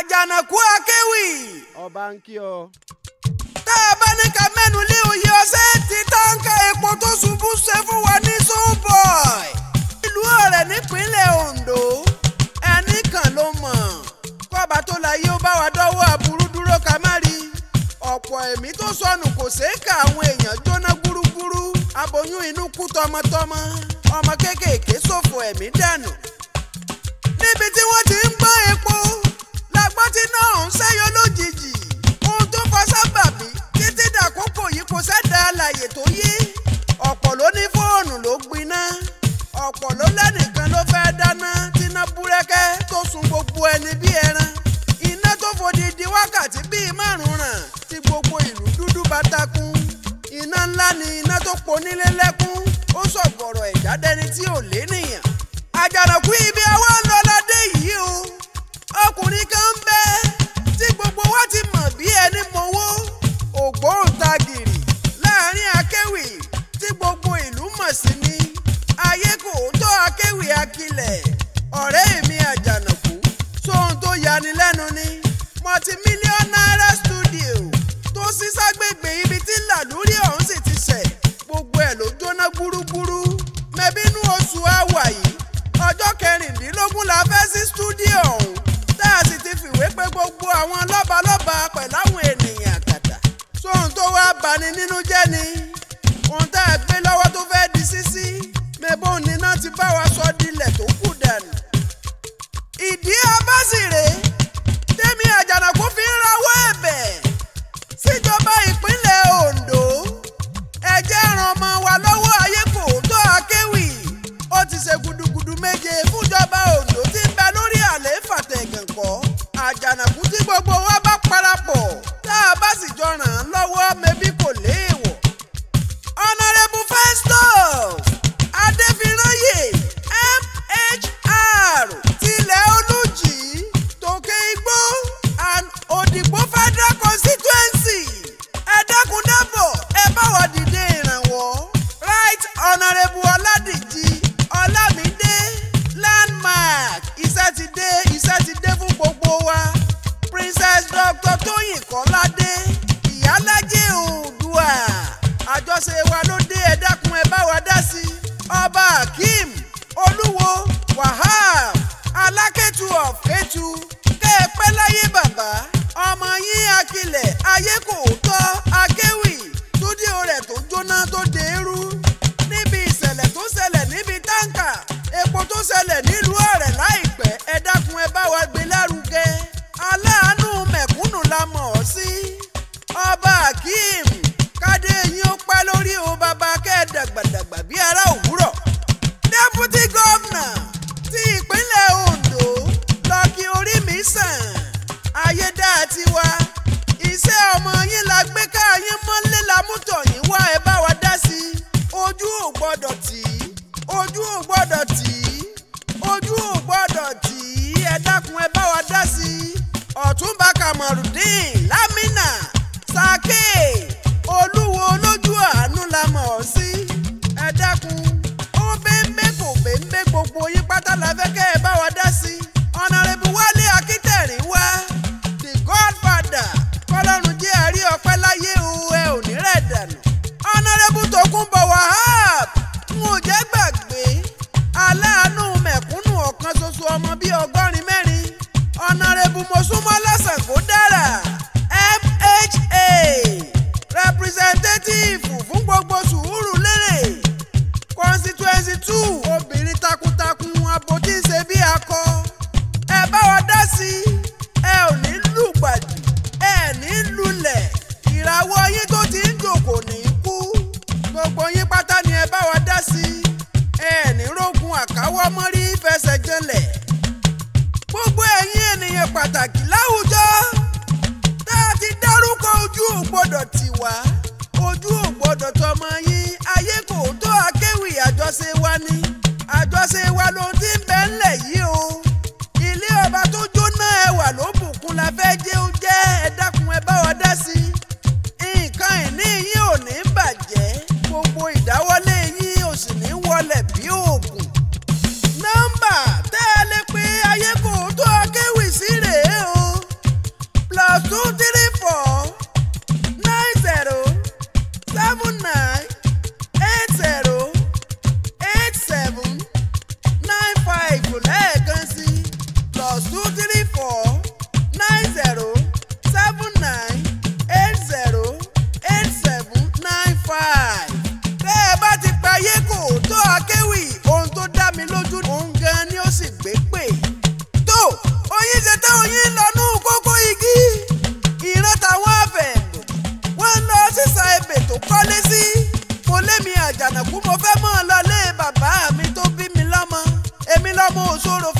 àjànàkú akéwì. ọba ń kí ọ. tá a bá ní ká mẹ́nu lé òye ọ̀sẹ̀ tí táǹkà epo tó ṣubú ṣe fún wa ní soulboy. ìlú ọ̀rẹ́ nípínlẹ̀ Ondo ẹnì kan ló mọ̀ kọ́ba tó la yé ó bá wa dọ́wọ́ aburú dúró ká má rí ọ̀pọ̀ ẹ̀mí tó sọnù kò ṣeé kà àwọn èèyàn jóná gúrúgúrú aboyún inú kú tọmọtọmọ ọmọ kéékèèké ṣòfò ẹ̀mí dànù níbi tí wọ́n ti ń gbọ́ ọ̀rọ̀ ọ̀hún ṣẹ́yọ lójijì ohun tó fa sábàbí títí dàkókò yìí kò sẹ́dá àlàyé tó yé ọ̀pọ̀ ló ní fóònù ló gbiná ọ̀pọ̀ ló lẹ́nìkan ló fẹ́ dáná tíná búrẹ́kẹ́ tó sun gbogbo ẹni bí ẹran iná tó fòdìdí wákàtí bíi márùn ràn tí gbogbo ìlú dúdú bá takun iná ńlá ni iná tó ponílé lẹ́kún ó sọ̀gọ̀rọ̀ ẹ̀dá dẹni tí ò lénìyàn stúdíò ọ̀hún tá a sì ti fìwé pé gbogbo àwọn lọ́balọ́ba pẹ̀láwọn ènìyàn àtàtà sóhun tó wá bani nínú jẹ́ ni. ọ̀nàrẹ́bù ọ̀làdìjì ọ̀làmídé landmark iṣẹ́ ti dé iṣẹ́ ti dé fún gbogbo wa princess dr tóyìn kọ́ládé ìyálájẹ́ oòdùà àjọṣe wa ló dé ẹ dákun ẹ bá wa dá sí ọba akeem olúwo wahab alákẹ́tù ọ̀fẹ́tù kẹ́ ẹ pẹ́ láyé bàbá ọmọ yín akilẹ̀ ayé kò ṣẹlẹ̀ nílùú ọ̀rẹ́ láìpẹ́ ẹ dákun ẹ bá wa gbé lárugẹ aláàánú mẹ̀kúnnù la mọ̀ ọ́ sí ọba akeem kádé yín ó pẹ́ lórí o bàbá kẹ́ dàgbàdàgbà bí ará òwúrọ̀ deputy governor ti ìpínlẹ̀ Ondo lọ́kì orí mi sàn ayédáa tiwa iṣẹ́ ọmọ yín la gbé ká yín lámútọ̀ yín wá ẹ bá wa dá sí ojú ò gbọ́dọ̀ gbogbo yín pátá la fẹ́ kẹ́. sí ẹ ò ní lùgbàdì ẹ ní lulẹ̀ ìràwọ̀ yín tó ti ń jò kò ní kú gbogbo yín pátá ni ẹ bá wa dá sí ẹ ní rógun àkáwọ́ mọ́rí fẹsẹ̀ jẹlẹ̀ gbogbo ẹ̀yin ènìyàn pàtàkì láwùjọ tá a ti dárúkọ ojú ò gbọ́dọ̀ tì wá ojú ò gbọ́dọ̀ tọmọ yín ayé kò tó akéwì àjọṣe wa ni àjọṣe wa ló ń jẹ́ ẹ dákun ẹ bá wa. Estamos solo